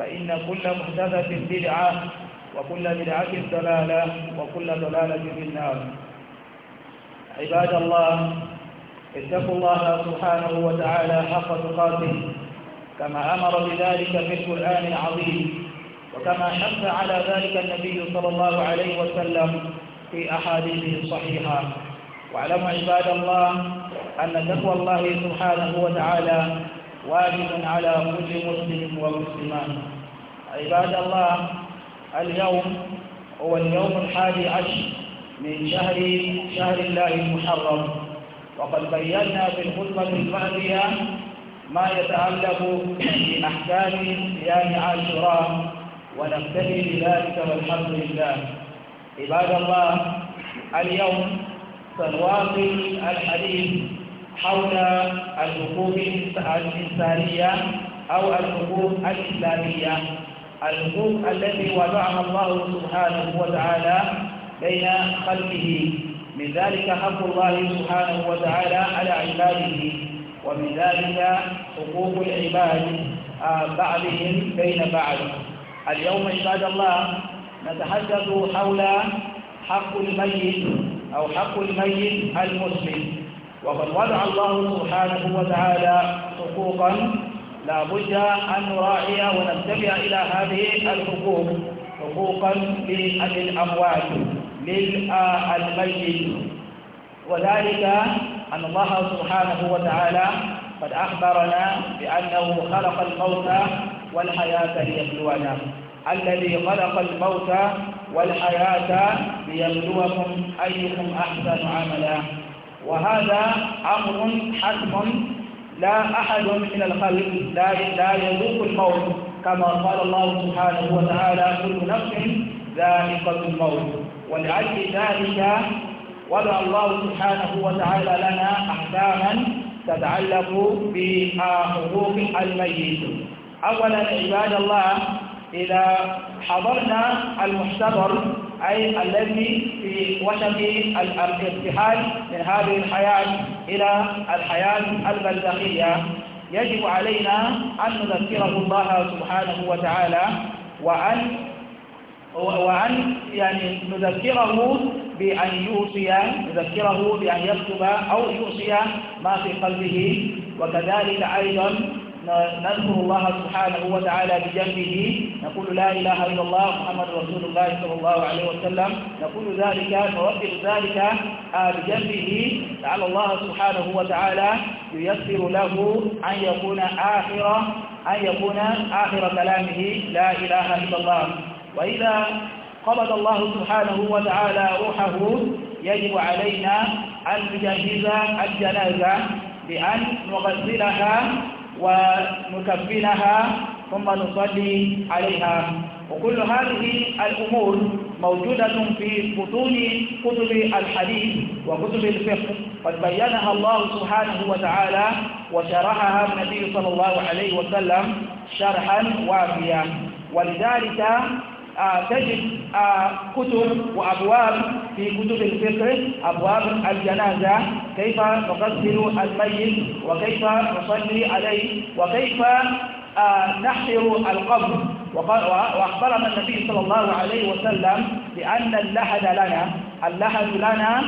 فإن كل محدثة بدعة وكل بدعة ضلالة وكل ضلالة في النار عباد الله اتقوا الله سبحانه وتعالى حق تقاته كما أمر بذلك في القرآن العظيم وكما حث على ذلك النبي صلى الله عليه وسلم في أحاديثه الصحيحة واعلموا عباد الله أن تقوى الله سبحانه وتعالى واجب على كل مسلم ومسلمة عباد الله اليوم هو اليوم الحادي عشر من شهر شهر الله المحرم وقد بينا في الخطبة الماضية ما يتعلق بأحكام صيام عاشوراء ونبتدي بذلك والحمد لله عباد الله اليوم سنواصل الحديث حول الحقوق الإنسانية أو الحقوق الإسلامية الحكم الذي وضعها الله سبحانه وتعالى بين خلقه من ذلك حق الله سبحانه وتعالى على عباده ومن ذلك حقوق العباد آه، بعضهم بين بعض اليوم عباد الله نتحدث حول حق الميت أو حق الميت المسلم وقد وضع الله سبحانه وتعالى حقوقا لا بد أن نراعي وننتبه إلى هذه الحقوق حقوقا للأموات للميت وذلك أن الله سبحانه وتعالى قد أخبرنا بأنه خلق الموت والحياة ليبلونا الذي خلق الموت والحياة ليبلوكم أيكم أحسن عملا وهذا أمر حتم لا أحد من الخلق لا لا يذوق الموت كما قال الله سبحانه وتعالى كل نفس ذائقة الموت ولعل ذلك وضع الله سبحانه وتعالى لنا أحكاما تتعلق بحقوق الميت أولا عباد الله إذا حضرنا المحتضر أي الذي في وشك الارتحال من هذه الحياة إلى الحياة البلدخية يجب علينا أن نذكره الله سبحانه وتعالى وأن وأن يعني نذكره بأن يوصي نذكره بأن يكتب أو يوصي ما في قلبه وكذلك أيضا نذكر الله سبحانه وتعالى بجنبه نقول لا إله إلا الله محمد رسول الله صلى الله عليه وسلم نقول ذلك نوفر ذلك آه، بجنبه لعل الله سبحانه وتعالى ييسر له أن يكون آخر أن يكون آخر كلامه لا إله إلا الله وإذا قبض الله سبحانه وتعالى روحه يجب علينا أن نجهز الجنازة بأن نغسلها ونكفنها ثم نصلي عليها وكل هذه الأمور موجودة في بطون كتب الحديث وكتب الفقه قد بينها الله سبحانه وتعالى وشرحها النبي صلى الله عليه وسلم شرحا وافيا ولذلك آه، تجد آه، كتب وأبواب في كتب الفقه أبواب الجنازة كيف نغسل الميت وكيف نصلي عليه وكيف آه، نحفر القبر وأخبرنا النبي صلى الله عليه وسلم بأن اللحد لنا اللحد لنا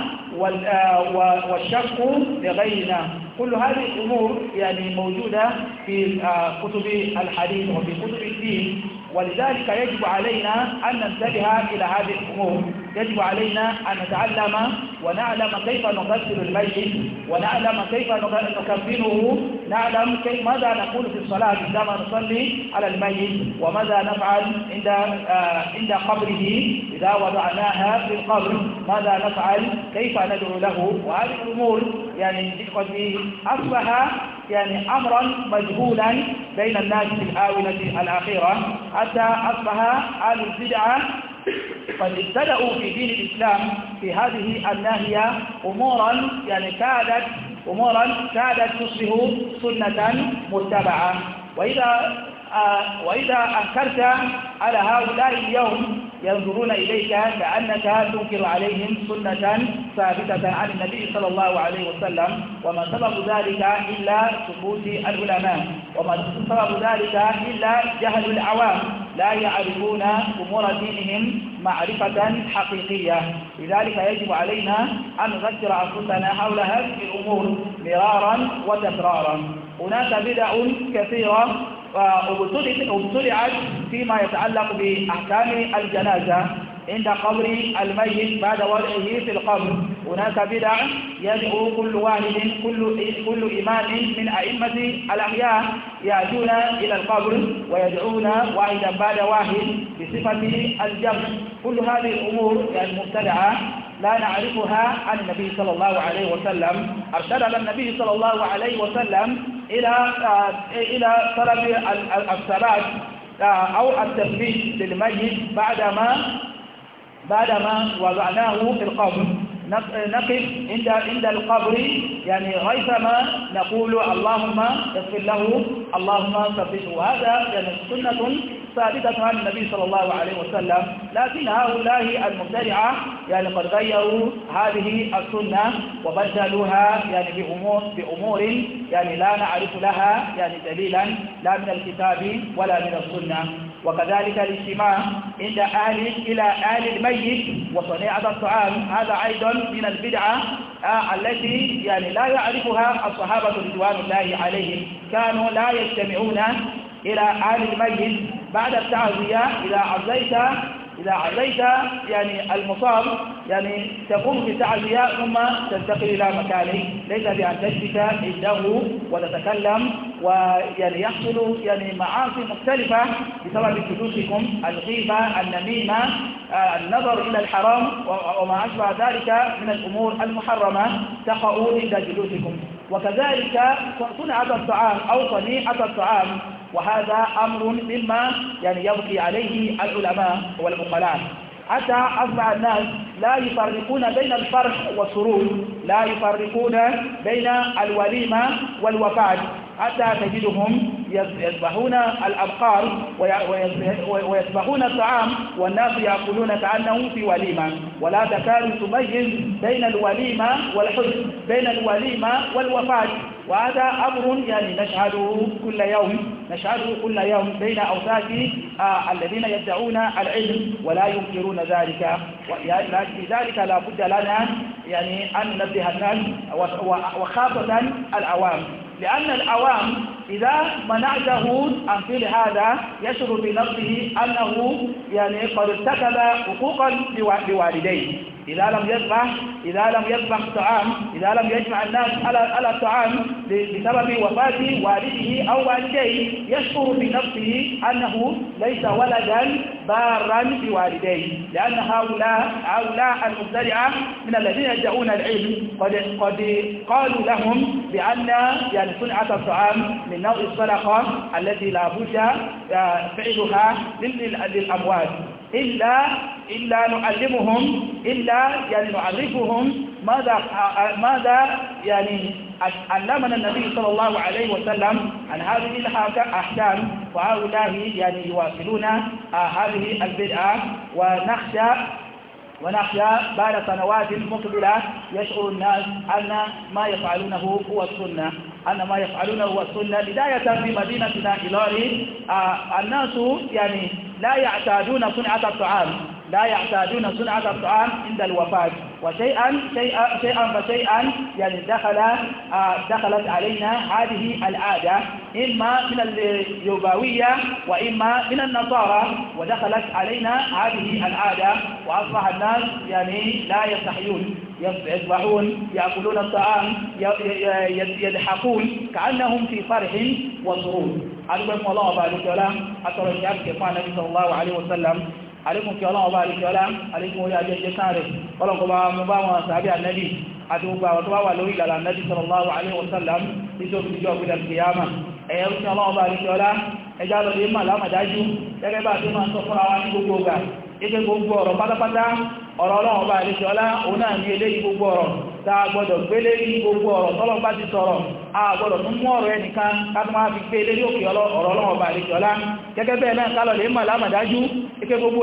والشق لغيرنا كل هذه الأمور يعني موجودة في كتب الحديث وفي كتب الدين ولذلك يجب علينا أن ننتبه إلى هذه الأمور يجب علينا أن نتعلم ونعلم كيف نغسل الميت ونعلم كيف نكفنه نعلم كيف ماذا نقول في الصلاة عندما نصلي على الميت وماذا نفعل عند آه، عند قبره إذا وضعناها في القبر ماذا نفعل كيف ندعو له وهذه الأمور يعني قد أصبح يعني أمرا مجهولا بين الناس في الآونة الأخيرة حتى أصبح أهل البدعة قد ابتدأوا في دين الإسلام في هذه الناهية أمورا يعني كادت أمورا كادت تصبح سنة متبعة وإذا آه، وإذا أنكرت على هؤلاء اليوم ينظرون إليك كأنك تنكر عليهم سنة ثابتة عن النبي صلى الله عليه وسلم وما سبب ذلك إلا سقوط العلماء وما سبب ذلك إلا جهل العوام لا يعرفون أمور دينهم معرفة حقيقية لذلك يجب علينا أن نذكر أنفسنا حول هذه الأمور مرارا وتكرارا هناك بدع كثيرة ابتدعت فيما يتعلق بأحكام الجنازة عند قبر الميت بعد وضعه في القبر هناك بدع يدعو كل واحد كل كل إمام من أئمة الأحياء يأتون إلى القبر ويدعون واحدا بعد واحد بصفة الجمع كل هذه الأمور المبتدعة يعني لا نعرفها عن النبي صلى الله عليه وسلم أرشدنا النبي صلى الله عليه وسلم إلى آه، إلى طلب الثبات آه، أو التثبيت للمجد بعدما بعدما وضعناه في القبر نقف عند عند القبر يعني ريثما نقول اللهم اغفر له اللهم ثبته هذا يعني سنة ثابتة عن النبي صلى الله عليه وسلم لكن هؤلاء المبتدعة يعني قد غيروا هذه السنة وبدلوها يعني بأمور, بأمور يعني لا نعرف لها يعني دليلا لا من الكتاب ولا من السنة وكذلك الاجتماع عند أهل إلى أهل الميت وصنيعة الطعام هذا أيضا من البدعة آه، التي يعني لا يعرفها الصحابة رضوان الله عليهم كانوا لا يجتمعون إلى أهل الميت بعد التعزية إذا عزيت إذا عزيت يعني المصاب يعني تقوم بالتعزية ثم تنتقل إلى مكانه ليس بأن تجلس عنده وتتكلم ويعني يحصل يعني معاصي مختلفة بسبب جلوسكم الغيبة النميمة آه، النظر إلى الحرام وما أشبه ذلك من الأمور المحرمة تقع عند جلوسكم وكذلك صنعة الطعام أو صنيعة الطعام وهذا أمر مما يعني يبقي عليه العلماء والعقلاء حتى أصبح الناس لا يفرقون بين الفرح والسرور لا يفرقون بين الوليمة والوفاة حتى تجدهم يذبحون الأبقار ويذبحون الطعام والناس يأكلون كأنه في وليمة ولا تكاد تميز بين الوليمة والحزن بين الوليمة والوفاة وهذا أمر يعني نشهده كل يوم نشهده كل يوم بين أوساط آه، الذين يدعون العلم ولا ينكرون ذلك لذلك لا بد لنا يعني أن ننبه الناس وخاصة العوام لأن العوام إذا منعته عن فعل هذا يشعر بنفسه أنه يعني قد ارتكب حقوقا لوالديه إذا لم يجمع إذا لم يجمع الطعام إذا لم يجمع الناس على على الطعام بسبب وفاة والده أو والديه يشعر في نفسه أنه ليس ولدا بارا بوالديه لأن هؤلاء هؤلاء المبتدعة من الذين يدعون العلم قد قد قالوا لهم بأن يعني صنعة الطعام من نوع الصدقة التي لا بد آه، فعلها للأموات إلا إلا نعلمهم إلا يعني نعرفهم ماذا ماذا يعني علمنا النبي صلى الله عليه وسلم عن هذه الأحكام وهؤلاء يعني يواصلون هذه البدعة ونخشى ونحيا بعد سنوات مقبلة يشعر الناس أن ما يفعلونه هو السنة أن ما يفعلونه هو السنة بداية في مدينة إلاري آه، الناس يعني لا يعتادون صنعة الطعام لا يعتادون صنعة الطعام عند الوفاة وشيئا شيئا, شيئا فشيئا يعني دخل آه، دخلت علينا هذه العادة إما من اليوباوية وإما من النصارى ودخلت علينا هذه العادة وأصبح الناس يعني لا يستحيون يصبحون يأكلون الطعام يضحكون كأنهم في فرح وسرور أدعو الله بعد الكلام أترى الشعب كفانا صلى الله عليه وسلم àlékún kí ọlọ́run ọba àlékún ọlá àlékún orí ajẹ́jẹ́ sáàrẹ̀ ọlọ́run kọba mú bá wọn sàábí ànẹ́bì àti gbogbo àwọn tó bá wà lórí ìlànà ànẹ́bì sallallahu alaihi wasallam ní tó fi jọ gbìdà kìyàmà ẹ̀yẹ rúkí ọlọ́run ọba àlékún ọlá ẹjá lọ lè máa lámàdájú gẹ́gẹ́ bá tó máa sọ fún ara ní gbogbo ọgbà ike gbogbo ọ̀rọ̀ pátápátá ọ̀rọ̀ ọlọ́run ọba àlékún ọlá òun náà ní eléyìí gbogbo ọ̀rọ̀ tá a gbọ́dọ̀ gbélé ní gbogbo ọ̀rọ̀ tọ́lọ́n bá ti sọ̀rọ̀ a gbọ́dọ̀ tún mú ọ̀rọ̀ ẹnìkan kátún wá fi gbé ilé ní òkè ọ̀rọ̀ ọlọ́wọ̀ bá àríkì ọlá gẹ́gẹ́ bẹ́ẹ̀ náà kálọ̀ lè lámàdájú ike gbogbo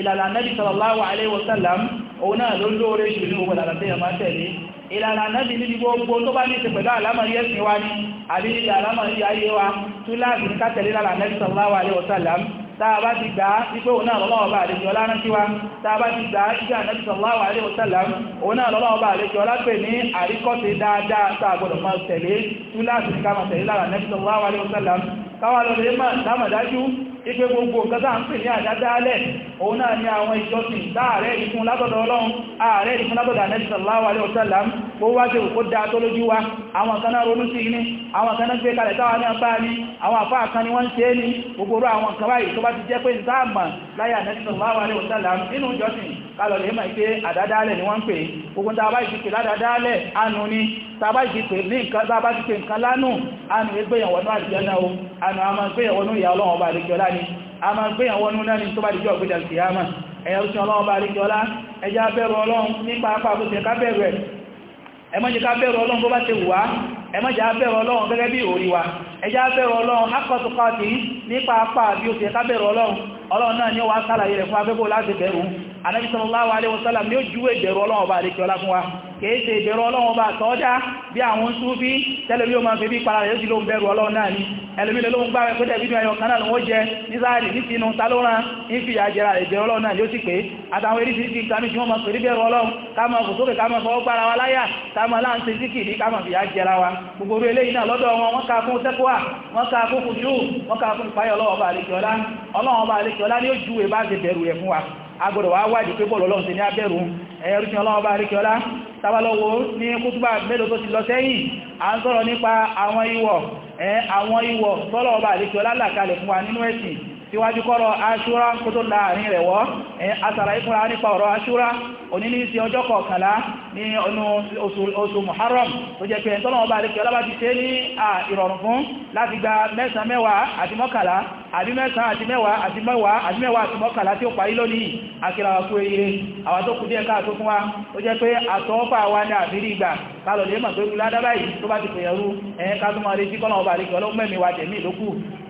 ìlànà tí sallallahu alaihi wasallam òun náà ló lóore jù ní gbogbo ìlànà tí a máa tẹ̀lé ìlànà náàbì níbi gbogbo tó bá ní ṣe pẹ̀lú àlámàrí ẹ̀sìn wa ní àbí sallallahu alaihi wasallam tàbá ti gbà ipé òun náà lọ́wọ́ bá àlejò ọlá rántí wa tàbá ti gbà ipé ànábì sallallahu alaihi wasallam òun náà lọ́wọ́ bá àlejò ọlá pè ní àríkọ́sí dáadáa tààgbọ̀dọ̀ máa tẹ̀lé túláàsì ká máa tẹ̀lé lára ànábì sallallahu alaihi wasallam káwà lọ lè máa dámàdájú ipé gbogbo nǹkan tàà ń pè ní àdádálẹ̀ òun náà ni àwọn ìjọsìn láàrẹ ìfún látọ̀dọ̀ ọlọ́run ààrẹ ìfún látọ̀dọ̀ ànábì sallallahu alaihi bó wá ṣe òkó dáa tó lójú wa àwọn kaná ronú sí ní àwọn kaná gbé kalẹ̀ táwà ní ọpá ní àwọn àfáà kan ni wọ́n ṣe ní gbogbo àwọn kan báyìí tó bá ti jẹ́ pé ń dáàmà láyà nẹ́sìnà láwà ní ni wọ́n ń pè gbogbo tàbá ìsìnkè ládádálẹ̀ anu ni tàbá ìsìnkè ní nǹkan tàbá ìsìnkè nǹkan lánù anu ẹgbẹ̀yànwó náà àti ẹ̀nà o ni a máa gbẹ̀yànwó náà ni tó bá dìjọ́ ọ̀gbẹ̀dẹ̀ kìyàmà ẹ̀yà òṣìṣẹ́ ọlọ́run ọba àdéjọ́lá ẹjá bẹ̀rù ká bẹ̀rù ẹmọ́jẹ́ ká bẹ̀rọ ọlọ́run bó bá ṣe wà ẹmọ́jẹ́ abẹ́rọ ọlọ́run gẹ́gẹ́ bí òrí wa ẹjá abẹ́rọ ọlọ́run akọ́tùkọ́tì nípa apá bí ó ti ẹ̀ká bẹ̀rọ ọlọ́run ọlọ́run náà ni ó wá sálàyé rẹ̀ fún abẹ́bò láti bẹ̀rù Ànábì sallallahu alaihi wasallam ni ó júwé ìbẹ̀rù Ọlọ́run Ọba ọlá fún wa kìí ṣe ìbẹ̀rù Ọlọ́run Ọba àtọ́já bí àwọn Súfí tẹ́lẹ̀mí o máa fi bí para rẹ̀ sí ló ń bẹ̀rù Ọlọ́run náà ni ẹlòmí ló ń gbá rẹ̀ pẹ́tẹ̀ bíbí ayọ̀ kanáà wọ́n jẹ nísáàrì ní sínú talóran ń fi àjẹrà ìbẹ̀rù Ọlọ́run náà ni ó sì pé àtàwọn eré títí ìtàmì tí wọ́n máa pè níbẹ̀rù Ọlọ́run ká máa kò wa láyà ká máa láǹṣe síkìrí ká máa fi àjẹrà wa gbogbo orí eléyìí náà lọ́dọ̀ wọn wọ́n ká fún sẹ́kọ́à wọ́n agbọ́dọ̀ wá wádìí pé bọ́ọ̀lù ọlọ́run ti ní abẹ́rù ẹ̀rùsìn ọlọ́run bá ríkẹ́ ọlá tabalọ́wọ́ ní kútúbà mélòó tó ti lọ sẹ́yìn a ń sọ̀rọ̀ nípa àwọn ìwọ̀ àwọn ọba àríkẹ́ ọlá làkalẹ̀ fún wa nínú ẹ̀sìn síwájú kọ́rọ̀ aṣúra kó tó láàrin rẹ̀ wọ́ asàrà ìfúnra nípa ọ̀rọ̀ aṣúra òní ní sí ọjọ́ kọkànlá ní ọnù oṣù muharram tó jẹ́ pé ẹ̀ntọ́nà ọba àríkẹ́ ọlọ́bá ti ṣe ní ìrọ̀rùn fún láti gba mẹ́sàn mẹ́wàá àti mọ́kànlá àbí mẹ́sàn àti mẹ́wàá àti mẹ́wàá àti mẹ́wàá àti mọ́kànlá tí ó parí lónìí akírawakú eré àwọn tó kù díẹ̀ káàtó fún wa ó jẹ́ pé àtọ́ọ́fà wa ní àbírí ìgbà kálọ̀ lè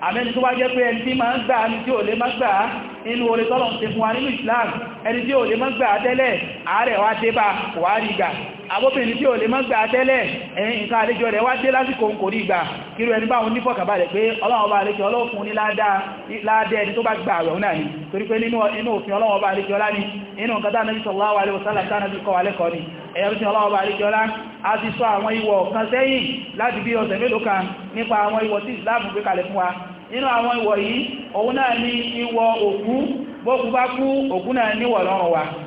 àmẹ́ni tó wá jẹ́ pé ẹni tí máa ń gbà ní tí ò lè má gbà inú orí tọ́lọ̀ ń fún wa nínú Islam ẹni tí ò lè má gbà tẹ́lẹ̀ ààrẹ wá dé bá wà rí gbà àbóbìnrin tí ò lè mọ́ gbà tẹ́lẹ̀ ẹ̀yìn nǹkan àlejò rẹ̀ wá dé lásìkò ń kò rí ìgbà kírò ẹni báwọn nífọ̀kàbalẹ̀ pé ọlọ́run ọba àlejò ọlọ́fun ní ládẹ́ ẹni tó bá gbà àwẹ̀ ni torí pé nínú òfin ọlọ́run ọba àlejò ọlá ni inú nǹkan tá nàbí sallallahu alaihi wasallam tá nàbí kọ́ alẹ́kọ̀ọ́ ni ẹ̀yọ́ tí ọlọ́run ọba àlejò ọlá a ti sọ àwọn ìwọ̀ kan sẹ́yìn láti bí ọ̀sẹ̀ mélòó kan nípa àwọn ìwọ̀ tí Islam gbé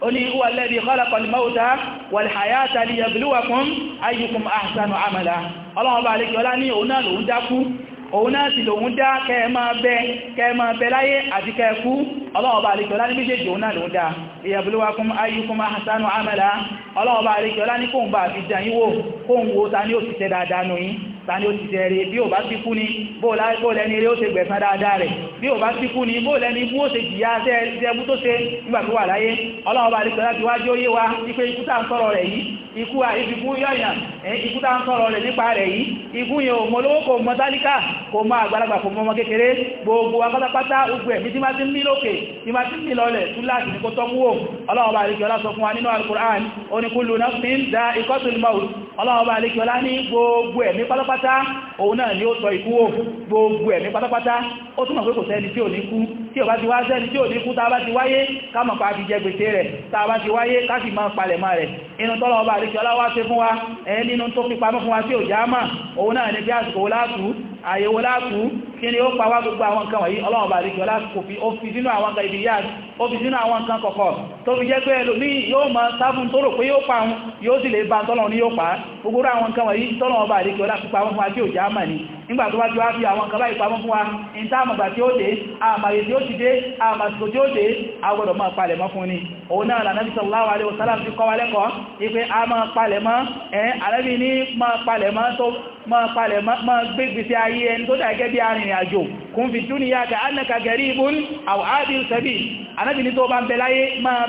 قل هو الذي خلق الموت والحياة ليبلوكم أيكم أحسن عملا الله بارك ولا ني اونا لو داكو اونا تي لو دا كما بي كما بلاي ادي كفو الله بارك ولا ني بيجي اونا لو دا ليبلوكم أيكم أحسن عملا الله بارك ولا ني كون با في دان يو كون وو تاني او تي دادانو yin tàní ó ti tẹ̀rẹ̀ bí ò bá síkú ní bóòlẹ́ni eré ó ṣe gbẹ̀san dáadáa rẹ̀ bí ò bá síkú ní bóòlẹ́ni ibú ó ṣe jìyà tẹ́ẹ̀bú tó ṣe nígbàtí wà láyé ọlọ́ọ̀bá àríkọ̀ láti wájú ó yé wa wípé ikú tàà ń sọ̀rọ̀ rẹ̀ yìí ikú àìfikú yọ̀yàn ikú tá ń sọ̀rọ̀ rẹ̀ nípa rẹ̀ yìí ikú yẹn ò mọ olówó kò mọ tálíkà kò mọ àgbàlagbà kò mọ ọmọ kékeré gbogbo apátápátá ogun ẹ̀mí tí má ti ń mí lókè tí má ti ń mí lọlẹ̀ tún láti ní kó ọlọ́ọ̀bá àríkíọlá ni ó sọ ikú wò gbogbo ẹ̀mí pátápátá ó túnmọ̀ pé kò sẹ́ni tí ò ní kú tí ò bá ti wá sẹ́ni tí ò ní kú tá àríkẹ́ ọlá wá ṣe fún wa ẹ̀ nínú tó fi pamọ́ fún wa tí ò já òun náà ní bí àsìkò látú àyẹ̀wò látú kí ni ó pa wá gbogbo àwọn nǹkan wọ̀nyí ọlọ́run bá ríkì ọlá kò fi ó fi sínú àwọn nǹkan ibi yáà ó fi sínú àwọn nǹkan kọ̀kọ̀ tó fi jẹ́ pé ẹlòmí yóò mọ sáfún tó rò pé yóò pa wọn yóò sì lè ba tọ́lọ̀ ní yóò pa gbogbo àwọn nǹkan wọ̀nyí tọ́lọ̀ bá ríkì ọlá pípa wọn fún wa tí ò já mà ní nígbà tó bá ayé rí ẹni tó dà gẹ́gẹ́ bí arìnrìn àjò kún fi dúníyà ka annaka garibun aw abir sabil anábìnrin tó bá ń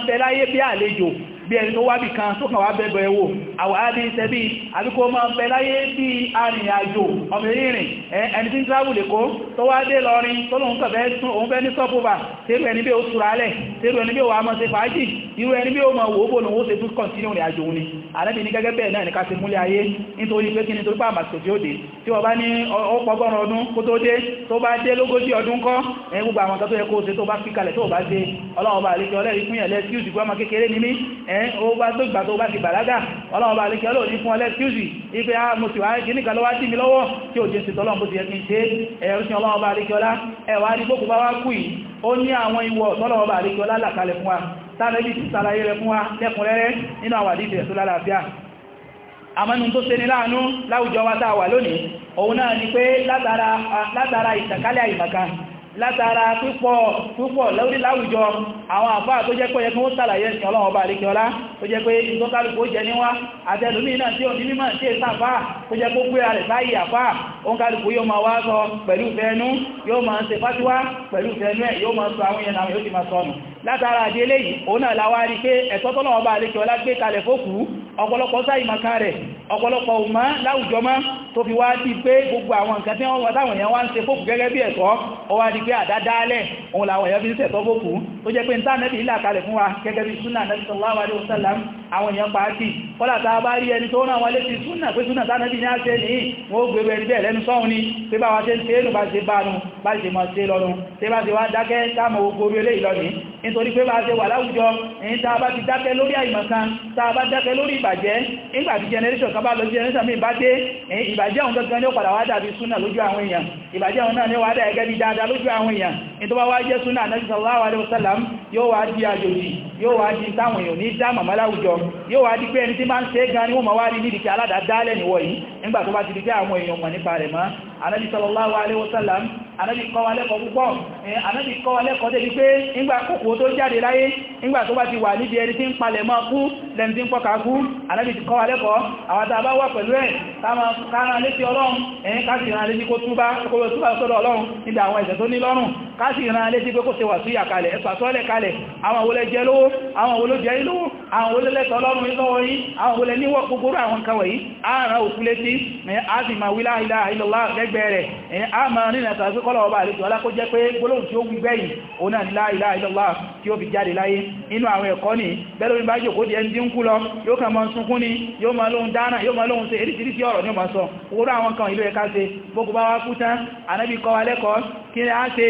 bẹ bí àlejò bí ẹni tó wábì kan tó kàn wá bẹ̀bẹ̀ ẹwò àwàádí tẹ́bí àbíkó ma ń bẹ láyé bí arìnrìnàjò ọmọ ìrìn ẹni tí ń tíráwù lè kó tó wá dé lọrin tó lóun kẹfẹ́ tún òun fẹ́ ní sọ́pùpà tẹ́rù ẹni bí ó túralẹ̀ tẹ́rù ẹni bí ó wà mọ́ sí fàájì ni àrẹ́bì ní ni torípà àmàtò tí ó dé tí wọ́n bá ní ọpọgọ́rùn ọdún kó tó dé tó bá dé lógójì ọdún kọ́ ẹ̀yìn gbogbo àwọn tó yẹ kó ṣe tó bá fi kalẹ̀ tó bá dé ọlọ́run bá àlejò ẹ́ o bá tó gbà tó bá ti bàlágà ọlọ́ọ̀bá alékẹ́ lò ní fún ọlẹ́kíùsì ipé a ah, mo sì wá kìíní kan lọ́wá tí mi lọ́wọ́ tí ò jẹ́ sí tọ́lọ́mù ti ẹ̀kí ṣe ẹ̀rùsìn ọlọ́ọ̀bá alékẹ́ ọlá ẹ̀wà ní gbókùnbá wá kú yìí ó ní àwọn ìwọ̀ tọ́lọ́ọ̀bá alékẹ́ ọlá làkalẹ̀ fún wa tánàbí ti sàlàyé rẹ̀ fún wa látara púpọ̀ púpọ̀ lórí láwùjọ àwọn àfáà tó jẹ́ pé ẹkùn ó sàlàyé ẹ̀sìn ọlọ́wọ́ bá rí kí ọlá tó jẹ́ pé ìtọ́kálùkù ó jẹ níwá àtẹ́lùmí náà tí ò ní mímọ̀ sí èsàfáà tó jẹ́ kó gbéra rẹ̀ báyìí àfá oúnkàlùkù yóò máa wá sọ pẹ̀lú fẹ́ẹ̀nú yóò máa ṣe fásiwá pẹ̀lú fẹ́ẹ̀nú ẹ̀ yóò máa sọ àwọn èèyàn àwọn yóò ti máa sọnù látara àdí eléyìí òun náà láwá rí pé ẹ̀tọ́ tọ́lọ̀ ọba àlekẹ́ ọlá gbé kalẹ̀ fókù ọ̀pọ̀lọpọ̀ sáì maka rẹ̀ ọ̀pọ̀lọpọ̀ ọmọ láwùjọ mọ́ tó fi wá sí pé gbogbo àwọn nǹkan tí wọ́n táwọn èèyàn wá ń ṣe fókù gẹ́gẹ́ bí ẹ̀tọ́ ó wá di pé àdádálẹ̀ òun làwọn èèyàn fi ń ṣẹ̀tọ́ fókù tó jẹ́ pé ń tá nẹ́bí kalẹ̀ fún wa gẹ́gẹ́ bí súnà nẹ́bí sallallahu alaihi àwọn èèyàn pàátì kọ́lá tàà bá rí ẹni tó náà wọlé ti súnà pé súnà tánàbí ní àṣẹ ní wọ́n gbẹ̀rẹ̀ ẹni bẹ́ẹ̀ lẹ́nu sọ́hun ni pé bá wá ṣe ń ṣe é nù bá ṣe bá nù bá ṣe mọ̀ ṣe lọ́nu tẹ́ bá ṣe wá dákẹ́ táàmù ogun generation kan bá generation mi bá dé ìbàjẹ́ òun gangan ní ó padà wá dàbí súnà lójú àwọn èèyàn ìbàjẹ́ òun náà ní wá dà gẹ́gẹ́ bí dáadáa lójú sallallahu alaihi wasallam yóò wá di àjòjì yóò wá di táwọn èèyàn ní dá màmá láwùjọ yóò wá di pé ẹni tí máa ń ṣe gan ni wọ́n ma wá rí nídìí kí aládàádálẹ̀ níwọ̀ yìí nígbà tó bá ti di pé àwọn èèyàn mọ̀ nípa rẹ̀ mọ́ anábì sallallahu alaihi wasallam anábì kọ́ wa lẹ́kọ̀ọ́ púpọ̀ anábì kọ́ wa lẹ́kọ̀ọ́ débi pé nígbà kòkò tó jáde láyé nígbà tó bá ti wà níbi ẹni tí ń palẹ̀ mọ́ kú lẹ́ni tí ń pọ́ka kú anábì ti kọ́ wa lẹ́kọ̀ọ́ àwọn tá a bá wà pẹ̀lú ẹ̀ kára létí ọlọ́run ẹ̀yìn ká sì rán létí kó túbá kó túbá sọ́dọ̀ ọlọ́run níbi àwọn ẹ̀ṣẹ̀ tó ní lọ́rùn káṣì ìran létí pé kó ṣe wà sí àkàlẹ̀ ẹ̀sàtọ́lẹ̀ kalẹ̀ àwọn olè jẹ́ lówó àwọn olè jẹ́ ilówó àwọn olè lẹ́tọ̀ ọlọ́run lọ́wọ́ yí àwọn olè níwọ̀ gbogbo àwọn nǹkan wọ̀nyí ààrùn òkú létí a sì máa wílá ilá ilọ́lá lẹ́gbẹ̀ẹ́ rẹ̀ a máa rìnrìn àtàrí kọ́lọ̀ ọba àlejò alákó jẹ́ pé gbólóhùn tí ó wí gbẹ̀yìn òun náà nílá ilá ilọ́lá ni bẹ́ẹ̀ lórí bá jòkó di ẹni dínkù lọ yóò kàn máa ń kí ni a ṣe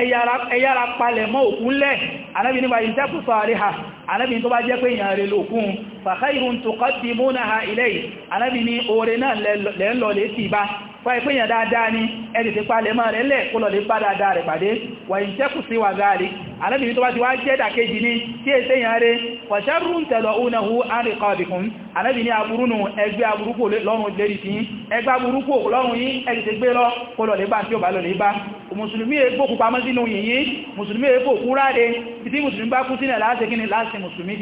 ẹ̀yára palẹ̀ mọ́ òkun lẹ́ anábi nígbà yìí tẹ́kù sọ àrí ha anábi tó bá jẹ́ pé èyàn rẹ̀ lòkun fa khayrun tuqaddimunaha ilayhi anábi ní oore náà lẹ́lọ́lẹ́ sí bá wà ìpínyàn dáadáa ní ẹni ti palẹ̀ máa rẹ̀ lẹ̀ kó lọ lè bá dáadáa rẹ̀ pàdé wà ń tẹ́kù sí wà gáàrí alẹ́bìnrin tó bá ti wá jẹ́ dàkejì ní kí èsẹ́ yàn rẹ̀ wàṣẹ́rù ń tẹ̀lọ únàhú àríkọ̀ọ̀dìkún alẹ́bìnrin aburúnù ẹgbẹ́ aburúkú lọ́rùn lérí tí ẹgbẹ́ aburúkú lọ́rùn yí ẹni ti gbé lọ kó lọ lè bá tí ó bá lọ lè bá mùsùlùmí ègbò kú pamọ́ sínú yìnyín mùsùlùmí ègbò kú ráde títí mùsùlùmí bá kú sínú láti kíni láti mùsùlùmí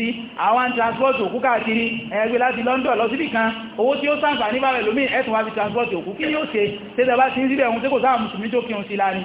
dí òkè tẹ́tẹ̀ bá ti ń síbẹ̀ òun tí kò sáà mùsùlùmí tó kírun sí láàrin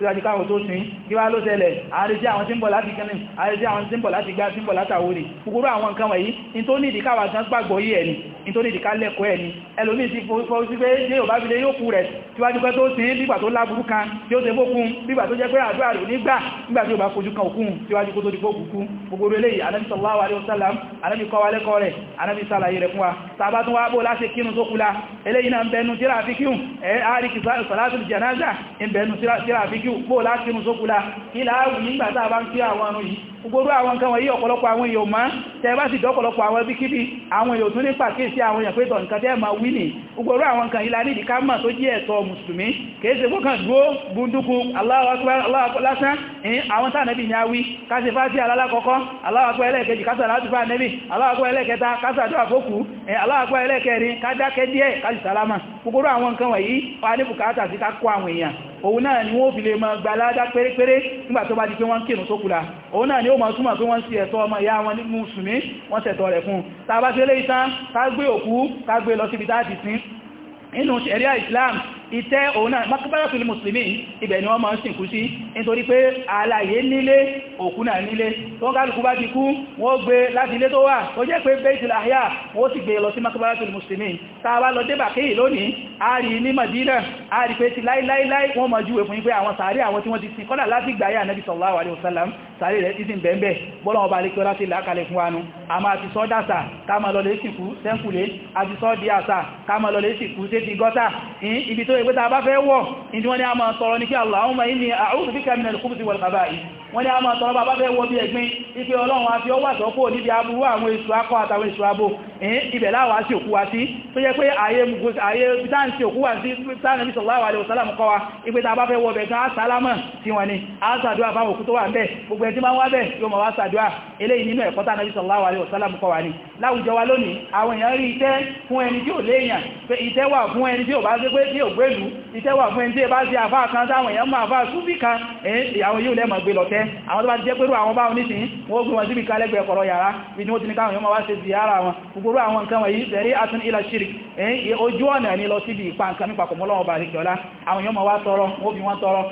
síwájú káwọn tó sin kí wá ló ṣẹlẹ̀ àríjẹ́ àwọn tí ń bọ̀ láti kẹ́lẹ̀ àríjẹ́ àwọn tí ń bọ̀ láti gbá tí ń bọ̀ látàwó rẹ̀ kúkúrú àwọn nǹkan wọ̀nyí in tó ní ìdíkà wàtán gbàgbọ́ yìí ẹni in tó ní ìdíkà lẹ́kọ̀ọ́ ẹni ẹlòmí ti fọ́ sí pé jẹ́ òbá fi lé yóò kú rẹ̀ síwájú pé tó sin bígbà tó láburú kan tí ó ṣe bókun bígbà alaihi wasallam anábi kọ́ wa lẹ́kọ́ rẹ̀ anábi sàlàyé wa tàbá tún kula eléyìí náà ń bẹnu tíra àfikún ẹ̀ẹ́ àríkì sọ́látùl janaza ń bẹnu tíra àfikún jù bóò láti mú sókúlá ilá ààrùn nígbàtà bá ń kí àwọn àrùn yìí gbogbo àwọn nǹkan wọ̀nyí ọ̀pọ̀lọpọ̀ àwọn èèyàn máa tẹ́ bá sì dọ́pọ̀lọpọ̀ àwọn ẹbí kíbi àwọn èèyàn tún ní pàkíyèsí àwọn èèyàn pé nǹkan tẹ́ máa wí nìí gbogbo àwọn nǹkan ilá nídi ká mọ̀ tó jẹ́ ẹ̀tọ́ mùsùlùmí kèése gbọ́kàn dúó búndúkú Allahu Akbar Allahu Akbar lásán ní àwọn tánàbí ní awí káṣe fásí alálákọ́kọ́ Allahu Akbar ẹlẹ́ẹ̀kejì kásà láti fà nẹ́bí Allahu Akbar ẹlẹ́ẹ̀kẹta kásà Allahu Akbar ẹlẹ́ẹ̀kẹrin kájákẹ́ díẹ̀ káṣì sálámà gbogbo àwọn nǹkan wọ̀nyí wà ní bùkátà sí ká kó àwọn èèyàn òun náà ni wọ́n fi lè máa gbà ládá pérépéré nígbà tó bá di pé wọ́n ń kírun tó kùlá òun náà ni ó máa túnmà pé wọ́n sí ẹ̀tọ́ ọmọ ìyá wọn ní mùsùlùmí wọ́n tẹ̀tọ̀ rẹ̀ fún tàbá sí ilé ìtàn ká gbé òkú ká gbé lọ síbi táàtì sín nínú ṣẹ̀ríà Islam ìtẹ́ òun náà makabaratul muslimin ibẹ̀ ni wọ́n máa ń sìnkú sí nítorí pé àlàyé nílé òkú náà nílé tó kálùkú bá ti kú wọ́n gbé láti ilé tó wà tó jẹ́ pé baitul ahya wọ́n sì gbé e lọ sí makabaratul muslimin tàbá lọ débà kéyì lónìí a ní Madina a pé ti Nabi sallallahu alaihi wasallam sàárì rẹ̀ títí bẹ̀ẹ̀bẹ̀ bọ́lá wọn bá lè kí ọlá sí làákàlẹ̀ fún wa nù a máa ti sọ́ dàsà ká máa lọ lè ìpé tàbá fẹ́ wọ̀ ìdí wọ́n ni a máa tọrọ ní kí Allahumma inni a'udhu bika ni a máa tọrọ bàbá fẹ́ wọ bí ẹ̀gbin ipé Ọlọ́run a fi ọwà sọ́kò níbi aburú àwọn wa sí tó jẹ́ pé ààyè dáǹsì òkú wa sí sáàrẹ̀mí sallallahu alaihi wasallam kọ́ wa ipé tàbá fẹ́ wọ bẹ̀ẹ̀ kan sálámà tí wọ́n ni a sàdúwà fáwọn òkú tó wà ń bẹ̀ gbogbo ẹ̀ tí máa ń wá bẹ̀ yóò máa wá sàdúwà eléyìí nínú ẹ̀kọ́ tánàbí sallallahu alaihi wasallam kọ́ wa ni wa lónìí àwọn èèyàn rí ìtẹ́ fún bá gbé pé tí ò pẹ̀lú iṣẹ́ wà fún ẹni tí ẹ bá ṣe àfáà kan sáwọn èèyàn máa fáà súnbí kan èyí àwọn yóò lẹ́mọ̀ gbé lọ́tẹ́ àwọn tó bá ti jẹ́ pẹ̀lú àwọn báwọn nísìn wọ́n gbé wọn síbi kalẹ́gbẹ̀ẹ́ kọ̀rọ̀ yàrá bí ni wọ́n ti ní káwọn yọ́mọ̀ wá ṣe sí ara wọn gbogbo àwọn nǹkan wọ̀nyí tẹ̀rí atún ilẹ̀ ṣírí èyí ojú ọ̀nà ni lọ síbi ìpa nǹkan nípa kọ̀mọ́lọ́wọ́ bá rí jọlá àwọn yọ́mọ̀ wá tọrọ wọ́n bí wọ́n tọrọ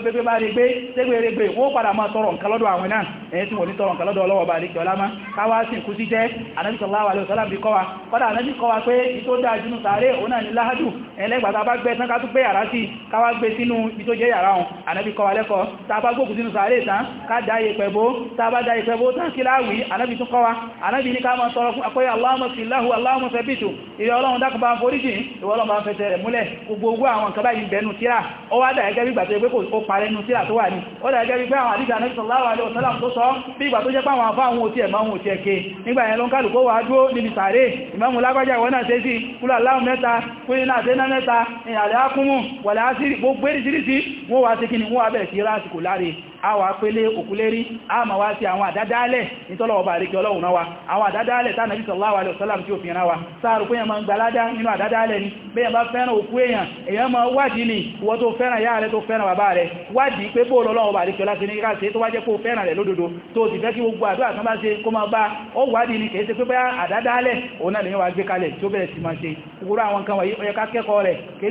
gbẹgbẹ bá rí gbé tẹgbẹrẹgbẹ wọ́n padà máa tọrọ nǹkan lọ́dọ̀ àwọn náà èyí tí wọ́n ní tọrọ nǹkan lọ́dọ̀ ọlọ́wọ́ bá rí jọlá má káwá sì kú sí jẹ́ anábìsọ̀lá wà lọ́sọ́lá bí kọ́ wa kọ́dà anábìsọ̀ wa pé ìtó dáa jùnú sàárè òun náà ní láhádù ẹlẹ́gbàtà bá g gbẹ́ tán ká tún gbé yàrá sí káwá gbé sínú ibi tó jẹ́ yàrá ọ̀hún ànábì kọ́ wa lẹ́kọ̀ọ́ tàbá gbókù sínú sàárè tán ká dá yẹ̀pẹ̀ bò tàbá dá yẹ̀pẹ̀ bò tán kí láàwí ànábì tún kọ́ wa ànábì ní ká máa sọ̀rọ̀ fún akọ́yà Allahumma filahu Allahumma sabitu ìrẹ́ ọlọ́run dákùn bá ń foríjì ìwọ ọlọ́run bá ń fẹsẹ̀ rẹ̀ múlẹ̀ gbogbo owó àwọn nǹkan báyìí bẹnu tíra ó wá dà gẹ́gẹ́ bí ìgbà tó yẹ pé kò parẹ́ nu tíra tó wà ní ó dà gẹ́gẹ́ bí pé àwọn àdíjà náà sallallahu alaihi wasallam tó sọ bí aláwọ̀ mẹ́ta kúlọ̀ náà ṣe náà mẹ́ta àlẹ́ ákúnmù wà láásí gbogbo èdè sírísí wọ́n wá sí ni wọ́n wá bẹ̀rẹ̀ sí rásìkò láre a wà pélé òkúlérí a ma wá sí àwọn àdádálẹ̀ nítọ́lọ̀wọ̀ bá ríkẹ ọlọ́run náà wa àwọn àdádálẹ̀ tánà bí sallallahu alaihi wa sáàrù pé ẹmọ gbaládá nínú àdádálẹ̀ ni bẹ́ẹ̀ bá fẹ́ràn òkú èèyàn èèyàn ma wádìí ni ìwọ tó fẹ́ràn yá rẹ tó fẹ́ràn bàbá rẹ wádìí pé bóòlù ọlọ́run bá ríkẹ láti ní káṣe ni kìí ṣe pé bá àdádálẹ̀ òun náà lè wá gbé kalẹ̀ tí ó bẹ̀rẹ̀ sí máa ṣe gbogbo àwọn kan wọ̀nyí ó yẹ ká kẹ́kọ̀ọ́ rẹ̀ kìí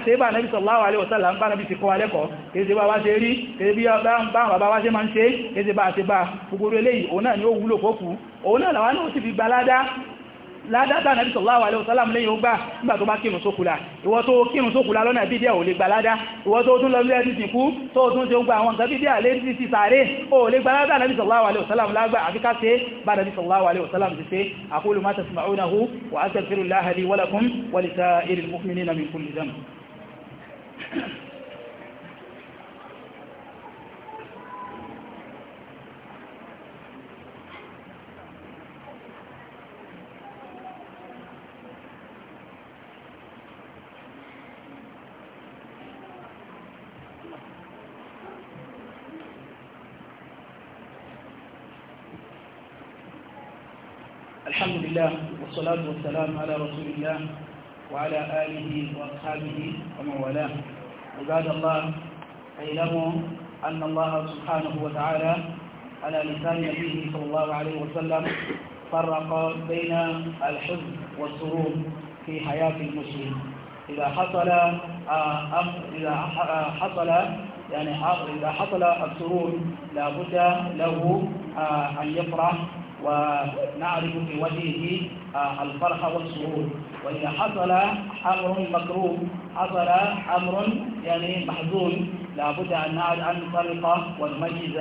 ṣe bá nẹ́bí sallallahu alaihi wasallam ń bá nẹ́bí ti kọ́ alẹ́kọ̀ọ́ kéèsè bá wá ṣe rí kéèsè bí bá wá ṣe máa ń ṣe kéèsè bá ṣe bá gbogbo eléyìí òun náà ni ó wúlò fókù òun náà làwọn náà sì fi gbaládá ládátà nàbí sallallahu alaihi wasallam lẹ́yìn ogbà nígbà tó bá kírun sókùlá ìwọ tó kírun sókùlá lọ́nà bídí ò lè gbaládá ìwọ tó tún lọ́lú ẹ̀sì sìnkú tó tún tí ó gba àwọn ìgbàbídí àlé ti sàárè ò lè gbaládá nàbí sallallahu alaihi wasallam lágbà àfikà sí الحمد لله والصلاة والسلام على رسول الله وعلى آله وأصحابه ومن والاه عباد الله اعلموا أن الله سبحانه وتعالى على لسان نبيه صلى الله عليه وسلم فرق بين الحزن والسرور في حياة المسلم إذا حصل آه، إذا آه، حصل يعني إذا حصل السرور لابد له آه، أن يفرح ونعرف في وجهه آه، الفرح والسرور وإذا حصل أمر مكروه حصل أمر يعني محزون لابد أن نفرق ونميز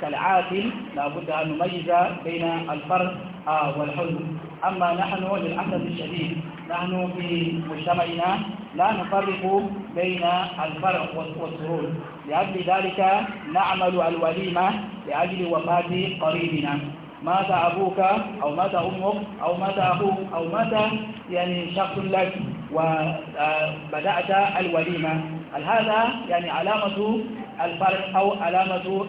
كالعادل لابد أن نميز بين الفرح آه، والحزن أما نحن للأسف الشديد نحن في مجتمعنا لا نفرق بين الفرح والسرور لأجل ذلك نعمل الوليمة لأجل وفاة قريبنا مات أبوك أو مات أمك أو مات أخوك أو مات يعني شخص لك وبدأت آه، الوليمة هذا يعني علامة الفرق أو علامة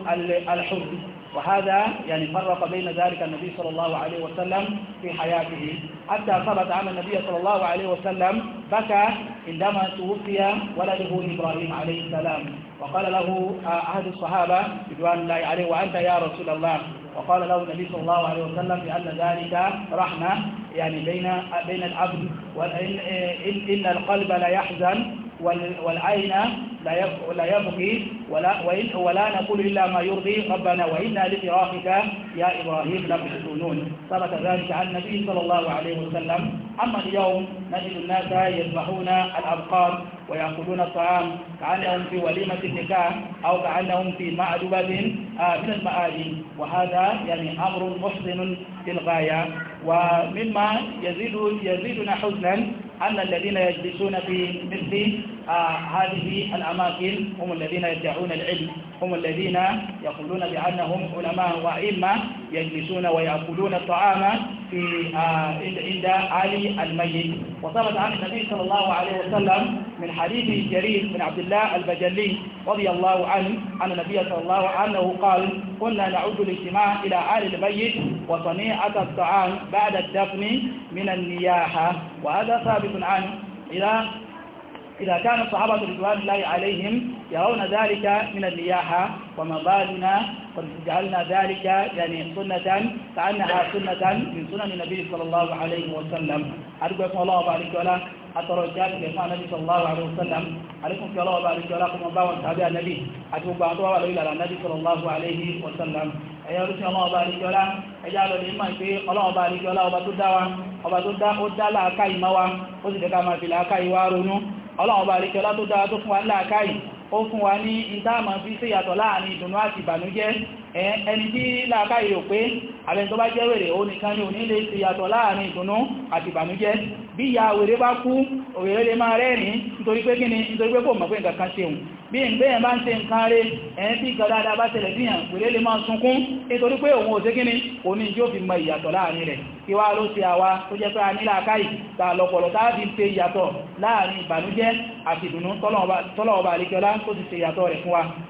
الحب وهذا يعني فرق بين ذلك النبي صلى الله عليه وسلم في حياته حتى ثبت عن النبي صلى الله عليه وسلم بكى عندما توفي ولده إبراهيم عليه السلام وقال له آه، أحد الصحابة رضوان الله عليه وأنت يا رسول الله وقال له النبي صلى الله عليه وسلم بأن ذلك رحمة يعني بين بين العبد وإن إن القلب لا يحزن والعين لا يبقي ولا, ولا نقول إلا ما يرضي ربنا وإنا لفراقك يا إبراهيم لمحزونون ثبت ذلك عن النبي صلى الله عليه وسلم أما اليوم نجد الناس يذبحون الأبقار ويأخذون الطعام كأنهم في وليمة النكاح أو كأنهم في معدبة آه، من المآدي وهذا يعني أمر محزن للغاية ومما يزيد يزيدنا حزنا أن الذين يجلسون في مثل آه، هذه الأماكن هم الذين يدعون العلم هم الذين يقولون بأنهم علماء وإما يجلسون ويأكلون الطعام في آه، عند علي الميت وصارت عن النبي صلى الله عليه وسلم من حديث جرير بن عبد الله البجلي رضي الله عنه أن النبي صلى الله عليه وسلم قال كنا نعود الاجتماع إلى آل الميت وصنيعة الطعام بعد الدفن من النياحة وهذا ثابت عنه إلى إذا كان الصحابة رضوان الله عليهم يرون ذلك من النياحة وما بالنا قد جعلنا ذلك يعني سنة كأنها سنة من سنة النبي صلى الله عليه وسلم أرجوكم الله بارك ولا أترى الجاهل النبي صلى الله عليه وسلم عليكم في الله بارك ولا كما باوا تابع النبي أتوب بعضها ولا إلى النبي صلى الله عليه وسلم أيها رسول الله بارك ولا أجعل الإيمان في الله بارك ولا وبتدعوا وبتدعوا دعوا كاي موا وزد كما في الأكاي وارونو ọlọ́run bá ríkẹ́ látó dára tó fún wa nílá káì ó fún wa ní ìdáàmà fi ṣe yàtọ̀ láàrin ìdùnnú àti ìbànújẹ́ ẹni tí láàkáì rò pé àbẹni tó bá jẹ́ wèrè ó nìkan ní òní lè ṣe yàtọ̀ láàrin ìdùnnú àti ìbànújẹ́ bí ìyá wèrè bá kú òwèrè lè máa rẹ́rìn nítorí pé kí nítorí pé kò mọ̀ pé nǹkan kan ṣeun bí i gbé ẹ̀bá ń ṣe nǹkan rẹ̀ ẹ̀yìn tí ìkọ̀ dáadáa bá tẹ̀lẹ̀ fíyàn pẹ̀lẹ́ lè máa sunkún nítorí pé òun òṣèkí ni òní yóò fi mọ ìyàtọ̀ láàrin rẹ̀ kí wá ló ṣe àwa tó jẹ́ pé a nílà káì tà lọ̀pọ̀lọ̀ tá fi ń pe ìyàtọ̀ láàrin ìbànújẹ́ àti